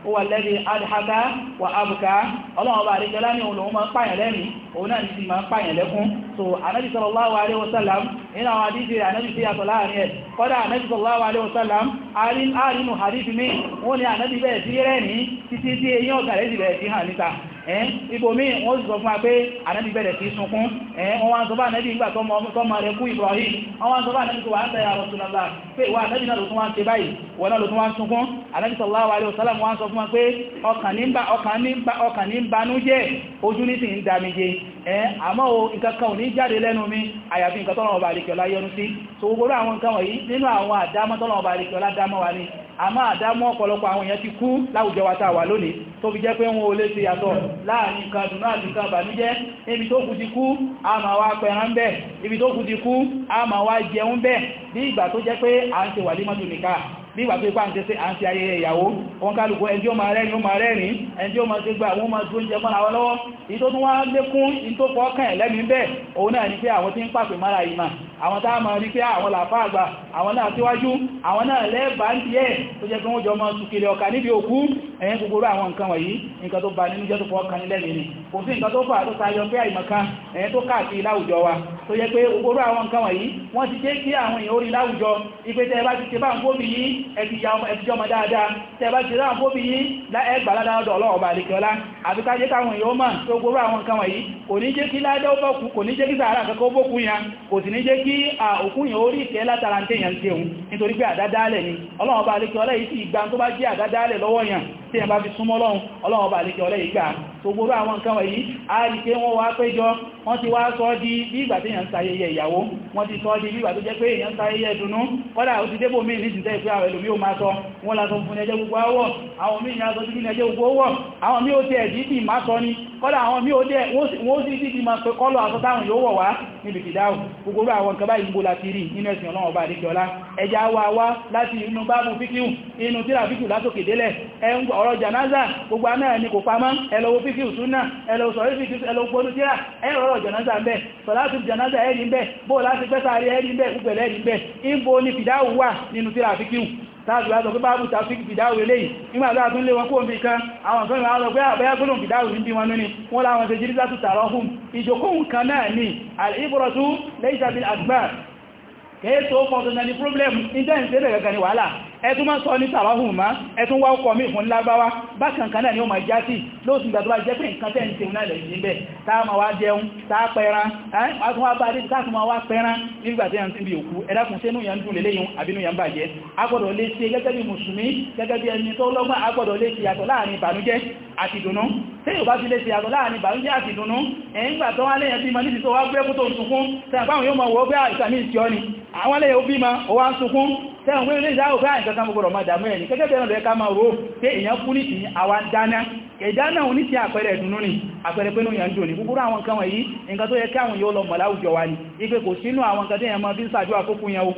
wa ó wà lẹ́bí abuka ọlọ́ọba àríkẹ́lá ní òun lòun máa ń pààyàn lẹ́rìn òun náà so anabi sallallahu alaihi wasallam ina wa hadisi anabi sai ato láàrin ẹ̀ kódà anabi sallallahu alaihi wasallam arinu hadisi mi wọ́n ni anabi bẹ̀ẹ̀ sí rẹ̀ ní títí tí eyín ọ̀gá rẹ̀ sì bẹ̀ẹ̀ ibòmí wọ́n sọ fún wa pé ànábì bẹ̀rẹ̀ sí sunkún wọ́n wá ń sọ bá ànábì ìgbà tọ́mọ rẹ̀ kú Ibrahim wọ́n wá ń sọ bá ànábì tó wà ń tẹ̀yà rọ̀tùnàlá pé wà ànábì náà ló tún wá ń ṣe báyìí wọ́n náà ló tún wá ń sunkún ànábì sallallahu alaihi wasallam wọ́n sọ o ìkankan ò ní jáde lẹ́nu mi àyàfi nǹkan tọ́lọ̀ so gbogbo àwọn nǹkan wọ̀nyí nínú àwọn àdámọ́ tọ́lọ̀ ọba àríkẹ̀ọ́lá dámọ́ wa ni àmọ́ àdámọ́ ọ̀pọ̀lọpọ̀ àwọn èèyàn ti kú láwùjọ wa tá a wà lónìí tó fi jẹ́ pé wọn ò lè ṣe yàtọ̀ láàrin nǹkan dùnú àti nǹkan bànújẹ́ níbi tó kù ti kú a máa wá pẹran bẹ̀ ibi tó kù ti kú a máa wá jẹun bẹ̀ bí ìgbà tó jẹ́ pé à ń ṣe wà límọ́dún nìkan bí ìgbà tó ipá ń tẹ́sẹ́ à ń ṣe ayẹyẹ ìyàwó wọn kálùkù ẹni ó máa rẹ́rin ó máa rẹ́rin ẹni tí ó máa ṣe gbà àwọn ọmọ tó jẹ mọ́ra lọ́wọ́ ìtó wá lékún ìtókọ́ kàn lẹ́mìí bẹ́ẹ̀ òun náà ni pé àwọn tí ń pàpè mára ìmà àwọn tá a máa rí pé àwọn làfá àgbà àwọn náà síwájú àwọn náà lẹ́bàá ń díẹ̀ tó jẹ́ pé wọ́n jọ máa sùkèrè ọkà níbi òkú ẹ̀yìn gbogbo àwọn nǹkan wọ̀nyí nǹkan tó ba nínú jẹ́ tó fọ́ kanilẹ́mì ni kò sí nǹkan tó fà tó tayọ pé àìmọ̀kan ẹ̀yìn tó káàkiri láwùjọ wa tó jẹ́ pé gbogbo àwọn nǹkan wọ̀nyí wọ́n ti jẹ́ kí àwọn èèyàn orí láwùjọ ipé tẹ́ bá ti ṣe bá ń fóbi yìí ẹ̀tìjọ́ mọ̀ dáadáa tẹ́ bá ti ṣe láwọn fóbi yìí ẹgbà ládàádọ̀ ọlọ́ọ̀bà àdìkẹ́ọlá àti ká jẹ́ káwọn èèyàn mọ̀ tó gbogbo àwọn nǹkan wọ̀nyí kò ní jẹ́ kí ládàá kí òkun yàn orí ìtẹ́ látara tẹ́yàn jẹun nítorí pé àdádálẹ̀ ni ọlọ́run ọba alẹ́kẹ́ ọlẹ́ yìí sì gbá tó bá jẹ́ àdádálẹ̀ lọ́wọ́ yàn tí ẹ bá fi súnmọ́ lọ́hun ọlọ́run ọba àlejò ọlẹ́ ìgbà tó gbóró àwọn nǹkan wọ̀nyí a rí pé wọ́n wá péjọ wọ́n ti wá sọ di bí ìgbà tí èèyàn ń sayẹyẹ ìyàwó wọ́n ti sọ di bí ìgbà tó jẹ́ pé èèyàn ń sayẹyẹ ìdùnnú kọ́dà ó ti débò míì nídìí pé àwọn ẹlòmí ò máa sọ wọ́n la sọ fún ẹjẹ́ gbogbo àwọ̀ àwọn míì ya sọ sí ní gbogbo wọ̀ àwọn míì ó ti ẹ̀dí sì máa sọ ni kọ́dà àwọn míì ó dẹ̀ wọ́n sì sí ti máa sọ kọ́lọ̀ aṣọ táwọn yóò wọ̀ wá níbi fìdáhùn gbogbo àwọn nǹkan báyìí gbó láti rí nínú ẹ̀sìn ọlọ́run ọba àdéjọ́lá ẹja wa wá láti inú báàbù fíkíù inú tíra fíkíù látòkè délẹ̀ ẹ̀ ń gbọ́ ọ̀rọ̀ janaza gbogbo náà ni kò pamọ́ ẹlọ́wọ́ fífí ìsúnà ẹlọ́wọ́ sọ̀rọ̀ fífí ẹlọ́wọ́ gbónútíra ẹ̀rọ̀rọ̀ janaza ń bẹ sọ̀látù janaza ẹ̀rí ń bẹ bóò láti pẹ́sàárẹ̀ ẹ̀rí ń bẹ gbẹ̀lẹ̀ ẹ̀rí ń bẹ ìbò ni fìdáwù wà nínú tíra fíkíù táàbí wá sọ pé báàbù tàfíkì fìdáwò eléyìí nígbà tó àtúnlé wọn kó omi kan àwọn ìfẹ́ ìwọ̀n pé àbẹ́yà gbónà fìdáwò ní bí wọn ní wọ́n ah, láwọn ni àìbọ̀rọ̀tú lẹ́yìn tàbí àgbà kẹ́ẹ̀tọ́ fọ́n tó ni problem intense ẹ̀rẹ̀ gẹ̀gẹ̀ ni wàhálà ẹtún máa sọ ní sàwáhùn má ẹtún wá ọkọ̀ mí fún lágbáwá bákankan náà ni ó máa já sí lóòsùn ìgbà tó bá jẹ́ pé nǹkan tẹ́ ń tẹ́ náà lẹ̀ níbẹ̀ táà máa wá jẹun táà pẹran táà wá pẹran nígbà tí a ń tí bí òkú ẹ̀dàkùn sínú yà ń dùn lélẹ́yìn àbínú yà ń bàjẹ́ agbọ́dọ̀ lè ṣe gẹ́gẹ́ bí mùsùlùmí gẹ́gẹ́ bí ẹni tó lọ́gbọ́n agbọ́dọ̀ lè ṣe yàtọ̀ láàrin ìbànújẹ́ àti ìdùnnú tí yóò bá ti lè ṣe yàtọ̀ láàrin ìbànújẹ́ àti ìdùnnú ẹ̀yìngbà tó wá lẹ́yìn bí ma níbi tó wá gbẹ́kú tó ń sunkún tẹ́gbàwọn yóò mọ̀ wọ́gbẹ́ àìsàmì ìṣọ́ ni àwọn lẹ́yìn ó bí ma ó wá ń sunkún tẹ́wọ̀n pé ní ìdáhùn pé àìsàn kan gbogbo ọmọ ìdàmú ẹni kẹ́kẹ́ bẹ̀rẹ̀ lọ́ẹ̀ká máa ro pé èèyàn kú ní ti àwa dáná ìdáná òní ti àpẹẹrẹ ìdùnnú ni àpẹẹrẹ pé níyàn jò ní gbogbo àwọn nǹkan wọ̀nyí nǹkan tó yẹ kí àwọn yóò lọ mọ̀ láwùjọ wa ni ipe kò sínú àwọn nǹkan tí èèyàn máa fi ń ṣàdúrà àkókò yẹn o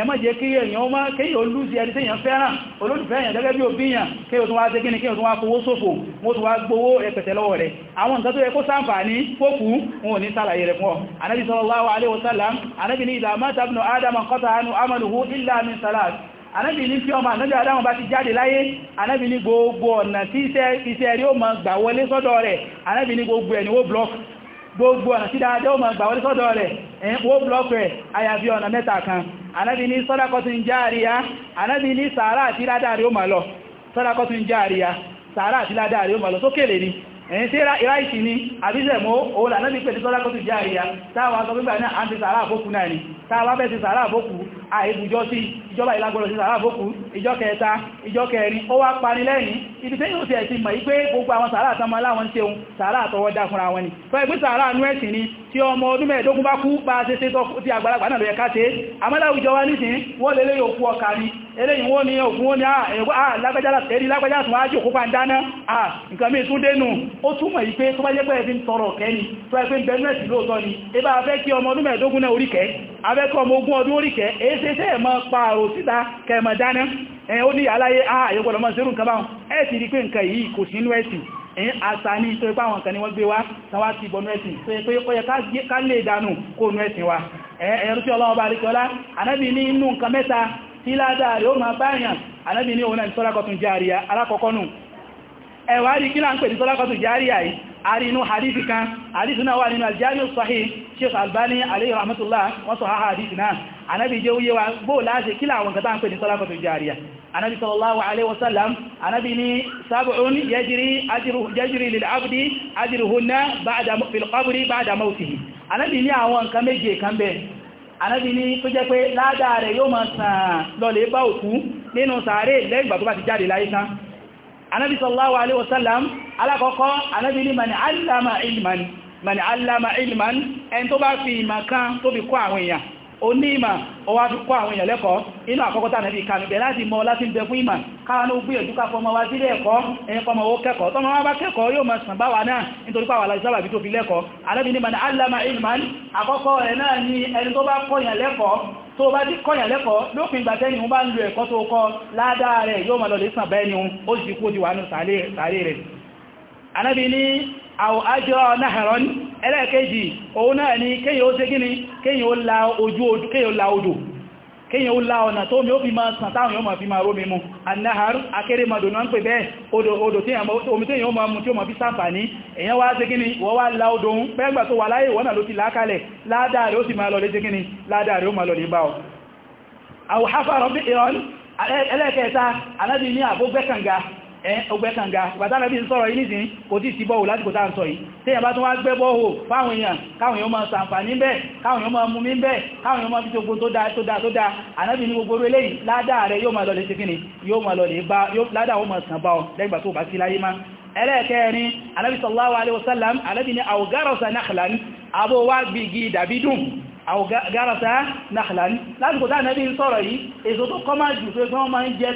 ẹ má jẹ́ kí èèyàn ó máa kéyìn olúzi ẹni tí èèyàn fẹ́ràn olólùfẹ́ èèyàn gẹ́gẹ́ bí òbí yàn kí o tún wá ṣe kí ni kí o tún wá fowó ṣòfò mo tún wá gbowó ẹpẹ̀tẹ̀ lọ́wọ́ rẹ̀ àwọn nǹkan tó yẹ kó sàǹfààní fókù wọn ò ní sàlàyé rẹ̀ fún ọ anábì sallallahu alaihi wasallam anábì ní idha mata ibnu adama qata'a amaluhu illa min salat anábì ní tí ọmọ ànábì adáwọn bá ti jáde láyé anábì ní gbogbo ọ̀nà tí iṣẹ́ rí ó ma gbà wọlé sọ́dọ̀ rẹ̀ anábì ní gbogbo ẹni ó block gbogbo ọ̀nà tí dáadé ó ma gbà wọlé sọ́dọ̀ rẹ̀ ẹ̀yìn ó block rẹ̀ àyàbí ọ̀nà mẹ́ta kan anábì ní sọ́dákọ́tún jáàríyá anábì ní sàárà àti ládàrí ó ma lọ sọ́dákọ́tún jáàríyá sàárà àti ládàrí ó ma lọ sókèlè ni ẹ̀yìn tí ya. ni àbíṣẹ̀mọ́ òun lànàbí pẹ̀lú sọ́dákọ́tún jáàríyá táwọn akọ́ gbígbà náà àti sàárà ìjọba ìlágbọ́dọ̀ sí sàárà fókù ìjọ kẹta ìjọ kẹrin ó wá parí lẹ́yìn ibi tẹ́yìn òsì ẹ̀sìn mọ̀ wípé gbogbo àwọn sàárà àtàmọ́ aláwọn ṣeun sàárà àtọwọ́dá fúnra wọn ni tó ẹgbẹ́ sàárà anú ẹ̀sìn ni tí ọmọ ọdún mẹ́ẹ̀ẹ́dógún bá kú bá ṣe ṣe tí àgbàlagbà náà eléyìn wọ́n ni ògùn wọ́n ni ah, ah, lágbàjára tẹ́rí lágbàjára tún ájò kópa ń dáná à ah, nǹkan mí tún dénú ó túnmọ̀ yí tó bá jẹ́ pé ń tọrọ kẹ́ni tó ẹgbẹ́ bẹ̀rẹ̀ lóòtọ́ ni ebá afẹ́ kí ọmọ ọdún mẹ́ẹ̀dógún náà oríkẹ́ afẹ́ kí ọmọ ogún ọdún oríkẹ́ èé ṣe ṣe ẹ̀mọ́ pààrò síta kẹmọ̀ dáná ẹ̀ ó ní aláyé ààyè gbọ́dọ̀ mọ́ sírù nǹkan báwọn ẹ̀ sì rí pé nǹkan yìí kò sínú ẹ̀sìn ẹ̀yìn àṣà ní tó ipá àwọn kan ni wọ́n gbé wá tàwà ti bọ̀nú ẹ̀sìn tó yẹ pé ó ká lè dànù kó ẹ̀sìn wa ẹ̀rùsí ọlọ́ọ̀bá àríkọ́lá ànábì ní inú nǹkan mẹ́ta tí ládàá rẹ̀ ó máa báyàn anábi ní òun náà sọ́lákọ̀tún járíà alákọ̀ọ́kọ́nù ẹ̀wà rí kí láń pè ní sọ́lákọ̀tún járíà yìí a rí inú hadithi kan hadithi náà wà nínú aljami sahih sheikh albani alayhi rahmatullah wọ́n sọ ha hadithi náà anábi jẹ́ òye wa gbó láti kí láwọn kan tán pè ní sọ́lákọ̀tún járíà anábi sallallahu alaihi wasallam anábi ni sab'un yajri yajri lil abdi ajruhunna ba'da fil qabri ba'da mawtihi anábi ní àwọn nǹkan méje kan bẹ́ẹ̀ anábi ní tó jẹ́ pé ládàá rẹ̀ yóò máa sàn lọlẹ̀ bá òkú nínú sàárè lẹ́gbà tó bá ti jáde láyé tán anábi sallallahu alaihi wasallam anábi ní mani allama ilman mani allama ilman ẹni tó bá fi ìmọ̀ kan tó fi kọ́ àwọn èèyàn ó ní kọ́ àwọn èèyàn lẹ́kọ̀ọ́ inú àkọ́kọ́ tàà nẹ́bí ìkàmìbẹ̀ láti mọ́ láti ń bẹ fún ìmà káwọn ó fọmọ wá sílé ẹ̀kọ́ ẹ̀yìn fọmọ ó kẹ́kọ̀ọ́ tọ́mọ wá bá kẹ́kọ̀ọ́ yóò máa sàn bá wa náà nítorí pàwà láti sábàbí tó fi lẹ́kọ̀ọ́ mana àwọn ajọ́ náhàrán ẹlẹ́ẹ̀kejì òun náà ni kéyàn ó ṣe gíní kéyàn ó la ojú ojú kéyàn la odò kéyàn ó la ọ̀nà tó mi ó fi máa sàn táwọn yóò máa fi máa rómi mu anáhàrú akérèmọdò náà ń pè bẹ́ẹ̀ odò tí omi tí èyàn ó tí ó máa fi sàǹfàní la odò ń pẹ́gbà tó wà láyé wọ́nà ló ti lákàlẹ̀ ládáàrí ọgbẹ́ kànga ìbátá nàbí sọ̀rọ̀ yìí nìsìn kò tí sí bọ́ọ̀ láti kò tá ń sọ yìí tí èyàn bá tún wá gbẹ́ bọ́ọ̀ fáwọn èèyàn káwọn èèyàn máa ṣàǹfààní ń bẹ káwọn èèyàn máa mú mi ń bẹ káwọn èèyàn máa fi tógbó tó dáa tó dáa tó dáa ànábì ní gbogbo orí eléyìí ládàá rẹ yóò máa lọ lè ṣe kíni yóò máa lọ lè bá ládàá ó máa sàn bá ọ lẹ́gbà tó bá sí láyé má ẹlẹ́ẹ̀kẹ́rin anábì sallallahu alaihi wasallam anábì ní àwògárọ̀sà náà àbó wá gbígi dàbídùn àwògárata náàlàní lásìkò táà nẹ́bí sọ̀rọ̀ yìí èso tó kọ́ máa jù tó ẹgbẹ́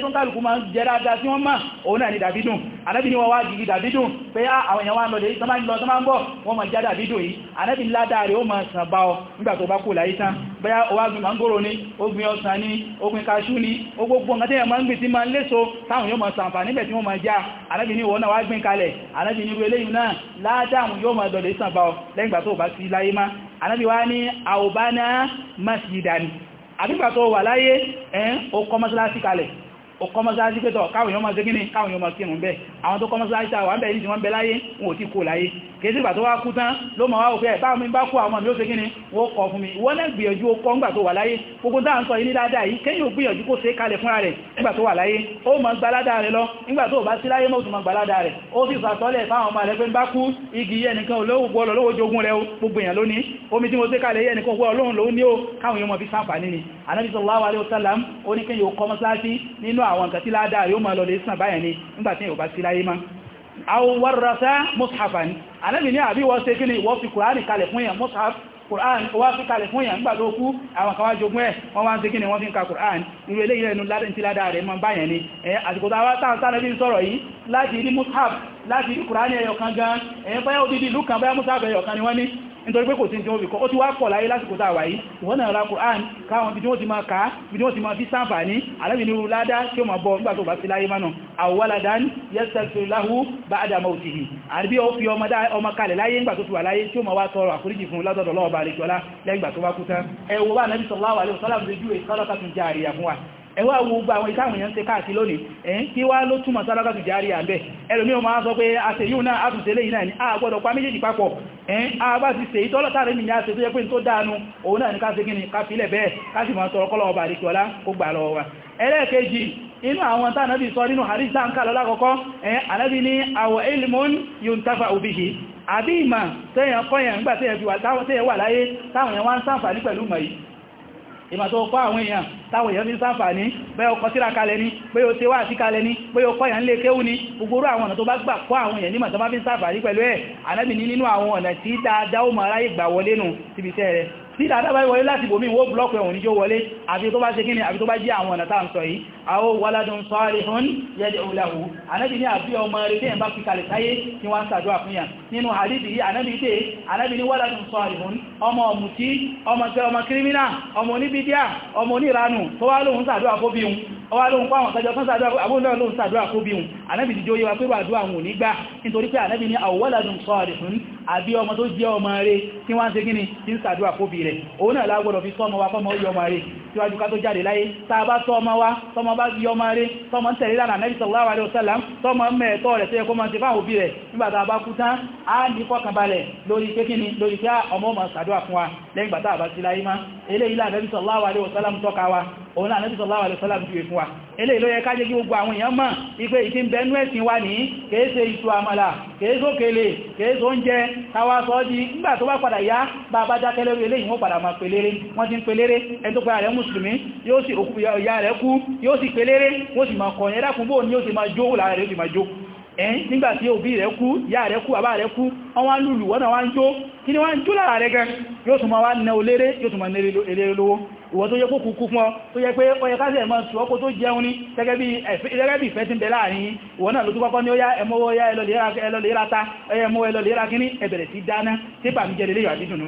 wọn tó ń kálùkù máa ń dáadáa tí wọ́n máa òun náà ni dàbídùn anábì ni wọ́n wá gigi dàbídùn pé àwọn èèyàn wá ń lọ lèyí tọ́má ń lọ tọ́má ń bọ̀ wọ́n máa já dàbídùn yìí anábì ládàá rẹ̀ ó máa sàn bá ọ nígbà tó bá kú ni o gbin ọsàn ni o gbin kaṣú ni o gbogbo nǹkan tẹ́yẹ̀ máa ń gbin tí máa ń léso táwọn yóò bana masjidan àbígbà tó wà láyé ẹn ó kọ́ mọ́sálásí kalẹ̀ ó kọ́ mọ́sálásí pẹ́tọ̀ káwọn yọ́mọ́ sí gíní káwọn yọ́mọ́ sí ìrùn bẹ́ àwọn tó kọ́ mọ́sálásí tàwà ń ní ti wọ́n bẹ láyé wọn ò kò láyé kèsí ìgbà tó wá kú tán ló ma wá òfin ẹ̀ báwọn mi bá kú àwọn mi ó ṣe kíni wọ́n kọ fún mi wọ́n náà gbìyànjú ó kọ́ ńgbà tó wà láyé gbogbo dáa ń sọ ilé dáadáa yìí kéyìn ò gbìyànjú kó ṣe kalẹ̀ fúnra rẹ̀ nígbà tó wà láyé ó ma gbalada rẹ̀ lọ nígbà tó bá sí láyé mọ́ tún ma gbalada rẹ̀ ó sì sàtọ́lẹ̀ fáwọn ọmọ rẹ̀ pé ń ni anábi sallallahu alaihi wasallam ó ní kéyìn ò kọ́ mọ́sálásí nínú àwọn nǹkan àwọn warrasa mushafan anábì ní àbí wọ́n ṣe kí ni wọ́n fi kùránì kalẹ̀ fún yàn mushaf kùránì wá fi kalẹ̀ fún yàn nígbàtó kú àwọn kan wá jogún ẹ̀ wọ́n wá ń ṣe kí ni wọ́n fi ń ka kùránì irú ilé ìrẹ́nu láti ládá rẹ̀ mọ́ báyàn ni àsìkò tàwà tánàbí sọ̀rọ̀ yìí láti rí mushaf láti rí kùránì ẹyọkan gan ẹ̀yẹn báyá odidi ìlú kan báyá mushaf ẹyọkan ni wọ́n ní nítorí pé kò sí tí ó fi kọ́ ó ti wá pọ̀ láyé lásìkò tàwà yìí ìwọ́n náà ra Kùránì káwọn bí tí wọ́n ti máa kàá bí tí wọ́n ti máa fi sáàfà ní alábìnirú ládá tí ó máa bọ́ nígbà bá sí láyé mánà lahu ba'da mawtihi àríbí ó fi ọmọ kalẹ̀ láyé nígbà tó fi wà láyé tí ó máa wá tọrọ àforíjì fún látọ̀dọ̀ lọ́wọ́ bá rí jọlá lẹ́gbà tó bá alaihi wasallam lójú ìsọ́lọ́kà tún jáàrí àfún wa ẹwà wo gbogbo àwọn ìtàwọn èèyàn ṣe káàkiri lónìí ẹ̀yìn kí wá ló túnmọ̀ sálágà tó járí àbẹ́ ẹlòmí o máa sọ pé àṣẹ yíò náà àtúnṣẹ́lẹ̀ ni a gbọ́dọ̀ pa méjèèjì papọ̀ a bá ti ṣe ìtọ́lọ́tàrí mi ní àṣẹ tó yẹ pé tó dáanu òun náà ní ká ṣe kíni wa àbí ìmà tẹ́yàn kọ́yàn nígbà tẹ́yàn wà láyé táwọn èèyàn wá ń pẹ̀lú mọ̀ ìgbà tó kọ́ àwọn èèyàn táwọn èèyàn fi sáfà ní pé o kọ tírà kalẹ̀ ní pé o ṣe wá sí kalẹ̀ ní pé o kọ́ èèyàn lè kéwú ní gbogbo àwọn ọ̀nà tó bá gbà kọ́ àwọn èèyàn nígbà tó fi sáfà ní pẹ̀lú ẹ̀ anábì nínú àwọn ọ̀nà tí dáadáa ó mọ̀ aráyè gbà wọlé nù síbi tẹ́ rẹ̀ tí dáadáa bá wọlé láti bòmí wó blọ́ọ̀kù ẹ̀wọ̀n níjó wọlé àbí tó bá ṣe kíni àbí tó bá jẹ́ àwọn ọ̀nà táà ń sọ yìí àwọ waladun salihun yad'u lahu anábì ní àbí ọmọ rẹ̀ tí ẹ̀ bá fi kalẹ̀ sáyé ní wọ́n sàdọ́ àfihàn nínú hadith yìí anábì dé anábì ní waladun salihun ọmọ ọmùtí ọmọ tẹ ọmọ kírímínà ọmọ oníbídíà ọmọ oníranù tó wá lóhun sàdọ́ àbí ọmọ tó jẹ́ ọmọ rẹ̀ tí wọ́n ń ṣe gíní tí ń sàdúwà fóbi rẹ̀ òun náà lágbọ́dọ̀ fi sọ́mọ wa fọ́mọ yọ ọmọ rẹ̀ síwájú ká tó jáde láyé tàbá tọ́mọ wa tọ́mọ bá yọ ọmọ rẹ̀ tọ́mọ ń tẹ̀lé lánàá Nabi sallallahu alaihi wasallam tọ́mọ mẹ́ẹ̀tọ́ rẹ̀ tó yẹ kó ah, wa òun náà Ànábì sallallahu alaihi wasallam júwe fún wa eléyìí ló yẹ kí gbogbo àwọn èèyàn mọ̀ ipé ìtí ń bẹnú ẹ̀sìn wa ní kèése ìtù àmàlà kèése òkèlè kèése oúnjẹ di mba tó bá padà yá bá bá dákẹ́lẹ́rú ma wọ́n wọ́n ti ń pelére ẹni tó pẹ́ rẹ̀ ẹ̀yìn nígbàtí òbí rẹ̀ kú yá rẹ̀ kú àbá rẹ̀ kú wọ́n wá lùlù wọ́n wá ń jó kí ni wá ń jó lára rẹ̀ gan yóò tún wá na oléré yóò tún ma na lówó ìwọ tó yẹ kó kúkú fún ọ tó yẹ pé ó yẹ ẹ̀mọ́ tí tó jẹun ní gẹ́gẹ́ bí ìfẹ́ tí ń bẹ láàrin ìwọ náà ló tún ní ó ẹmọ́wọ́ yá ẹlọ́lẹ́ra ẹyẹmọ́wọ́ ẹlọ́lẹ́ra kíní ẹbẹ̀rẹ̀ sí dáná tí bàmí jẹ́ lélẹ́yọ̀ àdídùnú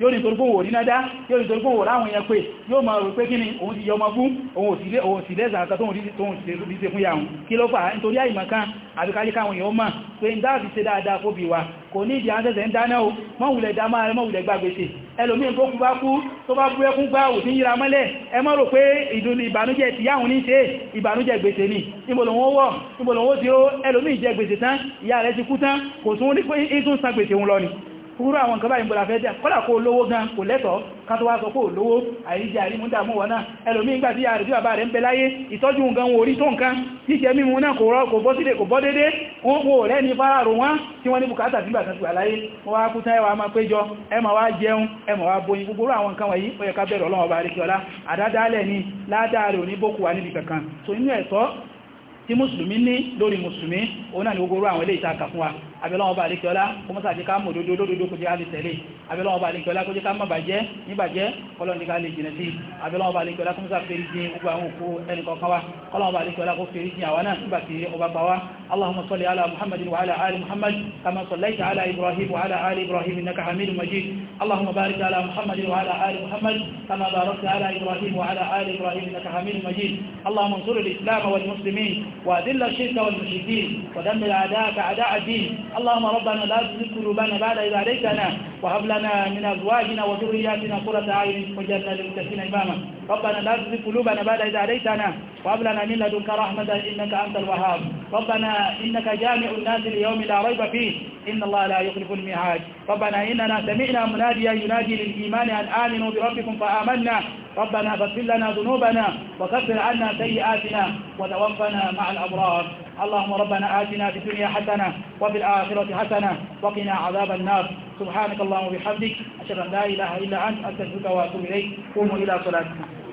yóò ní torí kóhùn òrínádá yóò ní torí kóhùn òráwọn yẹn pé yóò máa rò pé kí ni òun ti yọ ọmọ fún òun sì lẹ́sàn àkà tóhun ti ṣe fún yàun kí ló fà nítorí àìmọ̀kan àbíkájí káwọn èèyàn mọ̀ pé ń dáàfi ṣe dáadáa fóbi wa kò ní ìdí àṣẹ́sẹ̀ ń dáná o mọ́wùlẹ̀ dá máa rẹ mọ́wùlẹ̀ gbàgbèsè ẹlòmí tó kú bá kú tó bá bú ẹkún gbá òtí yíra mọ́lẹ̀ ẹ mọ́ rò pé ìdùnnú ìbànújẹ́ ti yáhùn ní ṣe ìbànújẹ́ gbèsè ní ìbòlòwọ́ wọ́ ìbòlòwọ́ tí ó ẹlòmí jẹ gbèsè tán ìyá rẹ̀ ti kú tán kò tún ní pé ìtún san gbèsè òun lọ ni kúrú àwọn nǹkan báyìí gbọ́la fẹ́ jẹ́ kọ́lá kó lówó gan kò lẹ́tọ̀ọ́ ká tó wá sọ kó lówó àìríjẹ àrímúdàmú wọn náà ẹlòmí ń gbà tí àrí bàbá rẹ̀ ń bẹ láyé ìtọ́jú nǹkan wọn orí tó nǹkan jíjẹ mímu náà kò rọ́ kò bọ́ sílé kò wa máa péjọ ẹ máa wá jẹun ẹ máa wá boyin gbogbo àwọn nǹkan wọ̀nyí ó yẹ ká bẹ̀rẹ̀ ọlọ́wọ́ bá rí kí ọlá àdádálẹ̀ ni ládàá ò ní bókù wà níbi kankan so inú ẹ̀tọ́ tí musulumi ní lórí òun náà ni gbogbo àwọn ilé ìta abẹ́lọ́wọ́ bá àríkẹ́ ọlá kó mọ́sá àti ká mọ̀ òdodo lódodo kó jẹ́ á lè tẹ̀lé abẹ́lọ́wọ́ bá àríkẹ́ ọlá kó jẹ́ ká mọ̀ bàjẹ́ níbàjẹ́ kọ́lọ́ni ká lè jìnà اللهم ربنا لا تزغ قلوبنا بعد إذ هديتنا وهب لنا من أزواجنا وذرياتنا قرة أعين واجعلنا للمتقين إماما ربنا لا تزغ قلوبنا بعد إذ هديتنا وهب لنا من لدنك رحمة إنك أنت الوهاب ربنا إنك جامع الناس ليوم لا ريب فيه إن الله لا يخلف الميعاد ربنا إننا سمعنا مناديا ينادي للإيمان أن آمنوا بربكم فآمنا ربنا فاغفر لنا ذنوبنا وكفر عنا سيئاتنا وتوفنا مع الأبرار اللهم ربنا آتنا في الدنيا حسنة وفي الآخرة حسنة وقنا عذاب النار سبحانك اللهم وبحمدك أشهد أن لا إله إلا أنت أستغفرك وأتوب إليك قوموا إلى صلاتكم